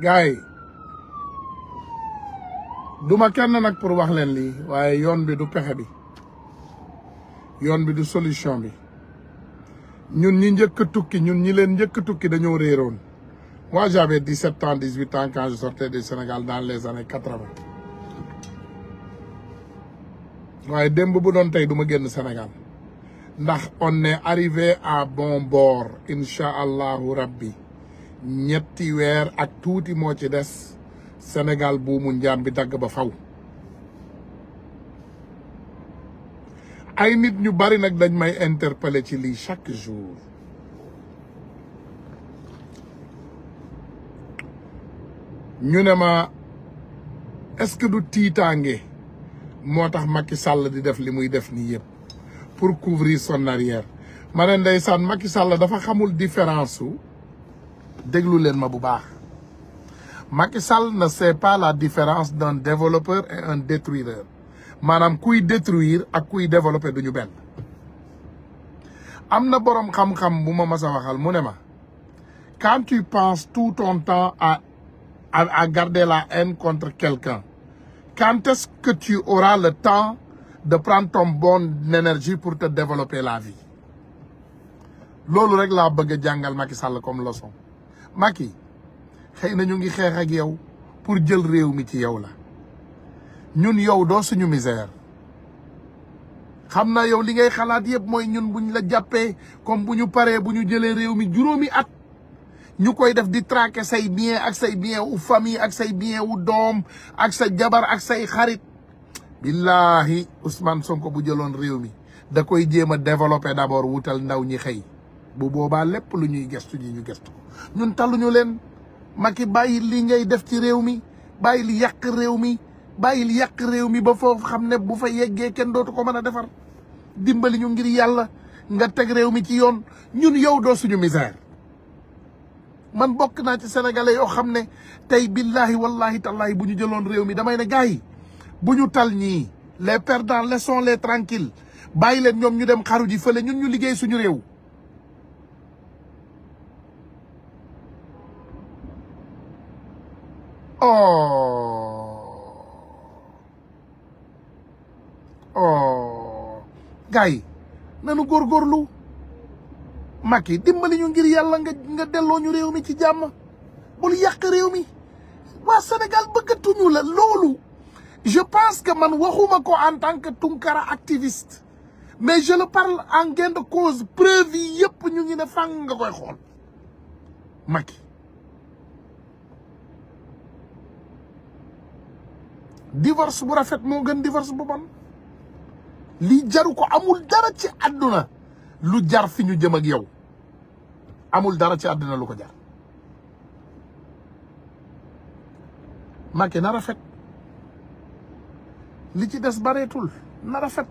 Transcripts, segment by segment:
gars yi du kenn nag pour wax leen lii waaye yoon bi du pexe bi yoon bi du solution bi ñun ñi njëkk tukki ñun ñi leen njëkk tukki dañoo réeroon moi j'avais dix-sept ans dix-huit ans quand je Sénégal dans les années quatre waaye démb bu doon tey du ma génn senegal ndax on est arrivé à bon bord incha allahu rabbi ñetti weer ak tuuti moo ci des Sénégal buumu njaam bi dagg ba faw ay nit ñu bari nag dañ may interpeller ci lii chaque jour ñu ne ma est-ce que du tiitaange moo tax Macky Sall di def li muy def nii yëpp pour couvrir son arrière ma ne ndeysaan Macky Sall dafa xamul différence su déglu leen ma bu baax Macky Sall ne sait pas la différence d'un développeur et un détruireur maanaam kuy détruire ak kuy développer ñu benn am na boroom xam-xam bu ma mas mu ne ma quand tu penses tout ton temps à à à garder la haine contre quelqu'un quand est-ce que tu auras le temps de prendre ton bonne énergie pour te développer la vie loolu rek laa bëgg a jàngal Macky Sall comme leçon Macky xëy na ñu ngi xeex ak yow pour jël réew mi ci yow la ñun yow doo suñu misère xam naa yow li ngay xalaat yëpp mooy ñun buñ la jàppee comme bu ñu paree bu ñu jëlee réew mi juróomi at ñu koy def di traquer say bien ak say bien wu famille ak say bien wu doom ak sa jabar ak say xarit billahi Ousmane Sonko bu jëloon réew mi da koy jéem a développer d'abord wutal ndaw ñi xëy bu boobaa lépp lu ñuy gestu ji ñu gestu ko ñun talluñu leen maki bàyyi li ngay def ci réew mi bàyyi li yàq réew mi bàyyi li yàq réew mi ba foofu xam ne bu fa yeggee kenn dootu ko mën a defar dimbali ñu ngir yàlla nga teg réew mi ci yoon ñun yow doo suñu misère man bokk naa ci sénégalais yoo xam ne tey billahi wallahi tallahi bu ñu jëloon réew mi damay ne gars yi bu ñu tal ñii les perdants laissons les tranquilles bàyyi leen ñoom ñu dem xaru ji fële ñun ñu liggéey suñu réew oh oh gars yi nanu lu Macky dimbali ñu ngir yàlla nga nga delloo ñu réew mi ci jàmm bul yàq réew mi waa Sénégal bëggatuñu la loolu je pense que man waxuma ko en tant que Tounkara activiste mais je le parle en gain de cause preuve yi yëpp ñu ngi ne fang nga koy xool Macky divorce bu rafet moo gën divorce bu bon lii jaru ko amul dara ci àdduna lu jar fi ñu jëm ak yow amul dara ci àdduna lu ko jar Macky na rafet li ci des bareetul na rafet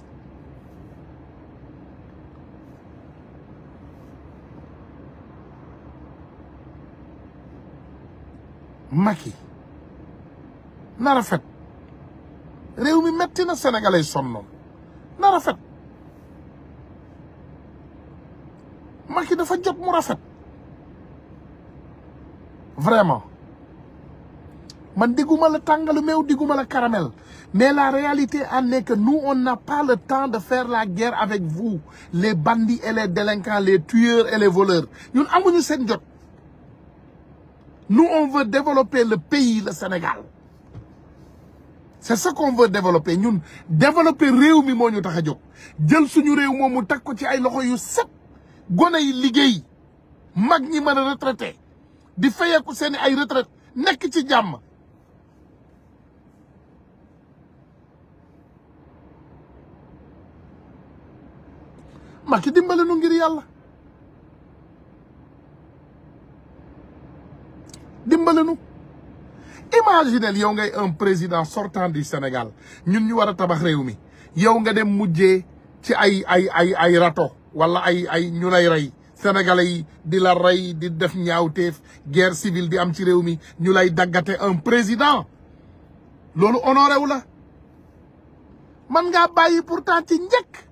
Macky na rafet réew mi metti na sénégalais sonnoon na rafet Macky dafa jot mu rafet vraiment man digguma la tàngalu meew digguma la caramel mais la réalité en est que on n'a pas le temps de fair la guerre avec vous les bandits et les délinquants les tueurs et les voleurs ñun amuñu seen jot nous on veut développer le pays le Sénégal c'est ce qu'on veut développer ñun développer réew mi moo ñu tax a jóg jël suñu réew moom mu teg ko ci ay loxo yu set gone yi liggéey mag ñi mën a retraité di fayeeku seeni ay retraite nekk ci jàmm Macky dimbale nu ngir yàlla dimbale nu imaginel yow ngay un président sortant du Sénégal ñun ñu war a tabax réew mi yow nga dem mujje ci ay ay ay ay rato walla ay ay ñu lay rey sénégalais di la rey di def ñaawteef guerre civile di am ci réew mi ñu lay daggate un président loolu honoré la man ngaa bàyyi pourtant ci njëkk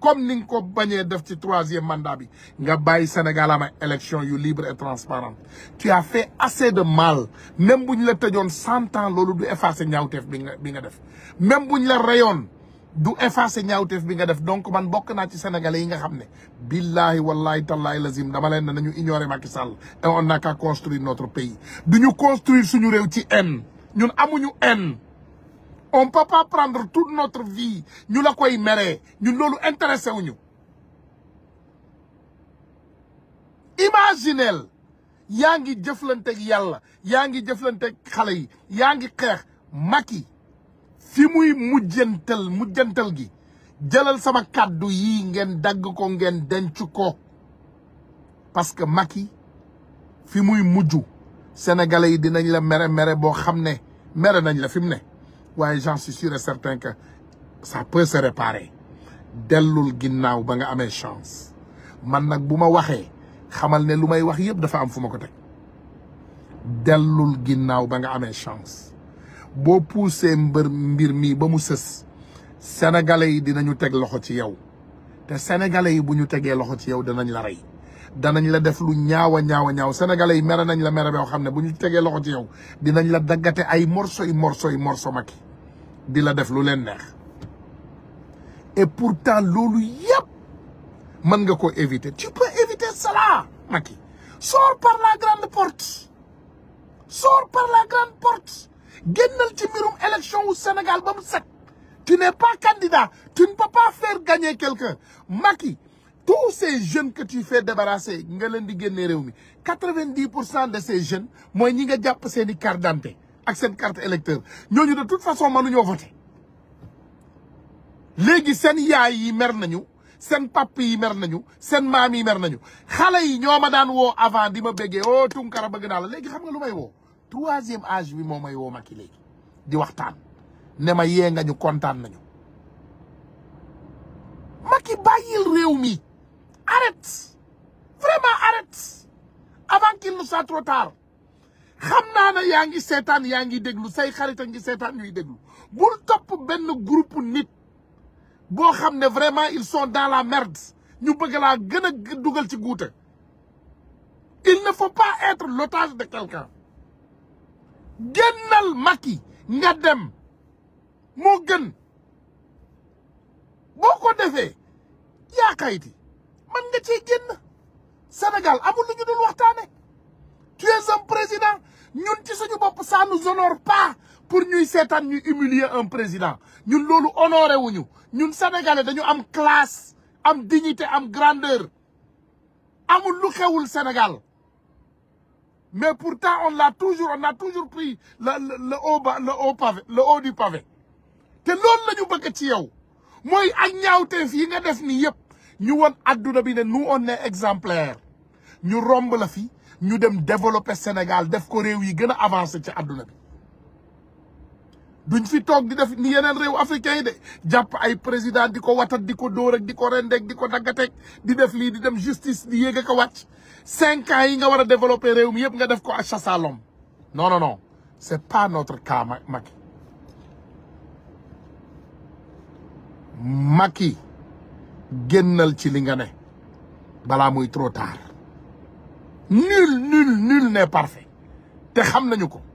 comme ni nga ko bañee def ci troisième mandat bi nga bàyyi sénégalam am élection yu libre et transparente tu as fait assez de mal même bu ñu la tëjoon cent ans loolu du effacer ñaawteef bi nga bi nga def même bu ñu la reyoon du effacer ñaawteef bi nga def donc man bokk naa ci sénégalais yi nga xam ne billahi wallahi tallahi lazim dama leen ne nañu ignorer Macky Sall et on n'a qu'à construire notre pays du ñu construire suñu réew ci haine ñun amuñu enn on peut prendre toute notre vie ñu la koy meree ñu loolu intéressé wuñu imaginel yaa ngi jëflanteeg yàlla yaa ngi jëflanteeg xale yi yaa ngi xeex Macky fi muy mujjantal mujjantal gi jëlal sama kàddu yi ngeen dagg ko ngeen denc ko parce que Macky fi muy mujj sénégalais yi dinañ la mere mere boo xam ne mere nañ la fi mu ne waaye j'en suis sûr et certain que ça peut se réparer dellul ginnaaw ba nga amee chance man nag bu ma waxee xamal ne lu may wax yëpp dafa am fu ma ko teg dellul ginnaaw ba nga amee chance boo poussé mbër mbir mii ba mu sës sénégalais yi dinañu teg loxo ci yow te sénégalais yi bu ñu tegee loxo ci yow danañ la rey danañ la def lu ñaaw a ñaaw a ñaaw sénégalais yi mere nañ la mere boo xam ne bu ñu tegee loxo ci yow dinañ la daggate ay morceau yi morceau ma morceau di la def lu leen neex et pourtant loolu yëpp mën nga ko éviter tu peux éviter cela Macky sors par la grande porte sors par la grande porte génnal ci mbirum élection wu Sénégal ba mu set tu n'es pas candidat tu ne peux pas faire gagner quelqu'un Macky tous ces jeunes que tu fais nga leen di génne réew mi quatre-vingt-dix pour cent de ces jeune mooy ñi nga jàpp seen i carte d'identité ak seen carte électeur ñooñu de toute façon mënuñoo voté léegi seen yaay yi mer nañu seen papp yi mer nañu seen maam yi mer nañu xale yi ñoo ma daan woo avant di ma béggee oh Tunkara bëgg naa la léegi xam na lu may woo troisième âge bi moo may woo Macky léegi di waxtaan ne ma yee nga ñu kontaan nañu Macky bàyyil réew mi arrête vraiment arrête avant qu'il ne soit trop xam naa na yaa ngi seetaan yaa ngi déglu say xarit a ngi seetaan ñuy déglu bul topp benn groupe nit boo xam ne vraiment ils sont dans la merde ñu bëgg laa gën a dugal ci guute il ne faut pas être l'otage de quelqu'un génnal maki nga dem moo gën boo ko defee yaa kayti man nga ciy génn Sénégal amul lu ñu dul waxtaane tu es un président ñun ci suñu bopp ça nous honore pas pour ñuy seetaan ñu humilier un président ñun loolu honoré wuñu ñun sénégalais dañu am classe am dignité am grandeur amul lu xewul Sénégal mais pourtant on l'a toujours on a toujours pris la le haut le haut du pavé te loolu lañu ñu bëgg ci yow mooy ak ñaawteef yi nga def ni yëpp ñu won adduna bi ne nous on est exemplaire ñu romb la fi ñu dem développer Sénégal def ko réew yi gën a avancé ci àdduna bi duñ fi toog di def ni yeneen réew africain yi de jàpp ay président di ko watat di ko dóor di ko rendeeg di ko daggateeg di def lii di dem justice di yéeg a ko wàcc cinq ans yi nga war a développer réew mi yëpp nga def ko à chasse à l'homme non non non c'est pas notre cas Macky Macky génnal ci li nga ne balaa muy trop tard nul nul nul n'est parfait te xam nañu ko